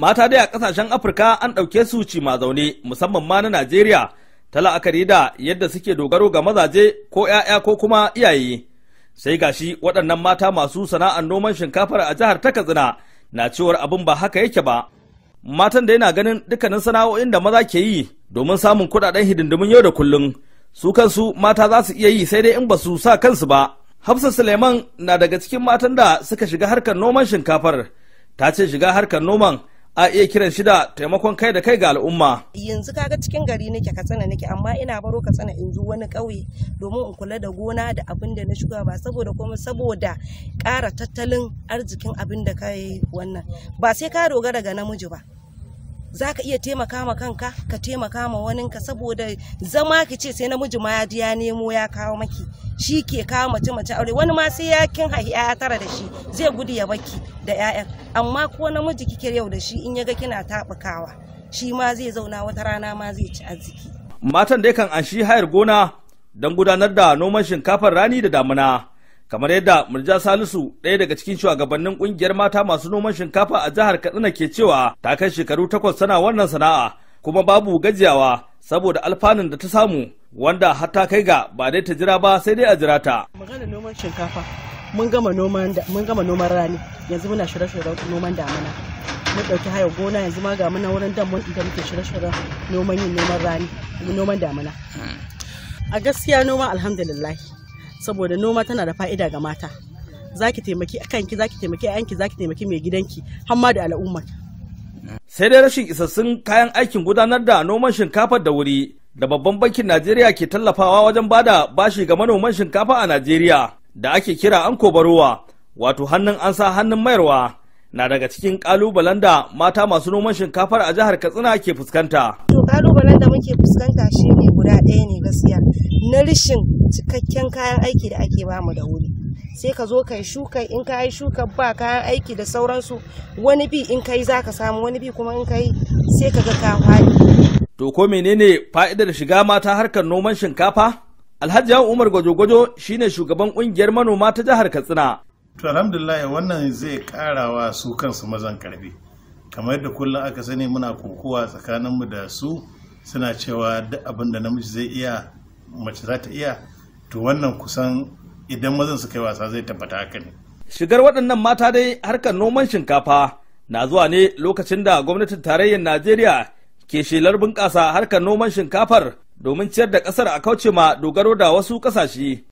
mata dai a kasashen afirka an ɗauke su ci zaune musamman ma na najeriya ta la'akari da yadda suke dogaro ga mazaje ko 'ya'ya ko kuma iyaye sai gashi waɗannan mata masu sana'ar noman shinkafar a jihar ta katsina na cewar abin ba haka yake ba matan da yana ganin dukkanin sana'o'in da maza ke yi domin samun kuɗaɗen hidindimin yau da kullum su kansu mata za su iya yi sai dai in ba su sa kansu ba hafsa suleiman na daga cikin matan da suka shiga harkar noman shinkafar ta ce shiga harkar noman a iya kiran shi da taimakon kai da kai ga al'umma. Yanzu kaga cikin gari nake Katsina nake amma ina baro ka tsana in zo wani ƙauye domin in kula da gona da abin da na shuka ba saboda kuma saboda ƙara tattalin arzikin abin da kai wannan ba sai ka dogara ga namiji ba. za ka iya taimaka ma kanka ka taimaka ma waninka saboda zama ki ce sai namiji ma ya nemo ya kawo maki shi ke kawo mace mace aure wani ma sai ya kin haihi ya tara da shi zai gudu ya baki da ƴaƴan amma ko namiji kike yau da shi in ya ga kina tabukawa shi ma zai zauna wata rana ma zai ci arziki matan dai kan anshi hayar gona don gudanar da noman shinkafar rani da damuna kamar yadda murja salisu ɗaya daga cikin shugabannin ƙungiyar mata masu noman shinkafa a jihar katsina ke cewa ta kai shekaru takwas tana wannan sana'a kuma babu gajiyawa saboda alfanun da ta samu wanda har ta kai ga ba dai ta jira ba sai dai a jira ta. Maganar noman shinkafa mun gama noman rani yanzu muna shirye-shiryen noman damina mun ɗauki hayo gona yanzu ma ga muna wurin dam da muke shirye-shiryen noman yin noman rani noman damina. Hmm. A gaskiya noma alhamdulillah saboda noma tana da fa'ida ga mata za ki taimaki kanki za ki taimaki yanki za ki taimaki mai gidanki har da al'umma. sai dai rashin isassun kayan aikin gudanar da noman shinkafa da wuri da babban bankin najeriya ke tallafawa wajen bada bashi ga manoman shinkafa a najeriya da ake kira anko barowa wato hannun an sa hannun mayarwa na daga cikin kalubalen da mata masu noman shinkafar a jihar katsina ke fuskanta kalubalen da muke fuskanta shi ne guda ɗaya ne gaskiya na rishin cikakken kayan aiki da ake bamu da wuri sai ka zo kai shuka in ka yi shuka ba kayan aiki da sauransu wani bi in kai za ka samu wani bi kuma in kai sai ka ga ka fadi. To ko menene fa'idar shiga mata harkar noman shinkafa? Alhaji Yawan Umar Gwajo-Gwajo shine shugaban kungiyar manoma ta jihar Katsina. To alhamdulillah wannan zai karawa su kansu mazan karfi. kamar da kullum aka sani muna kokowa tsakaninmu da su suna cewa duk abin da namiji zai iya mace za ta iya to wannan kusan idan mazan suka yi wasa zai tabbata haka ne shigar waɗannan mata dai harkar noman shinkafa na zuwa ne lokacin da gwamnatin tarayyar najeriya ke shelar bunƙasa harkar noman shinkafar domin ciyar da ƙasar a kauce ma dogaro da wasu ƙasashe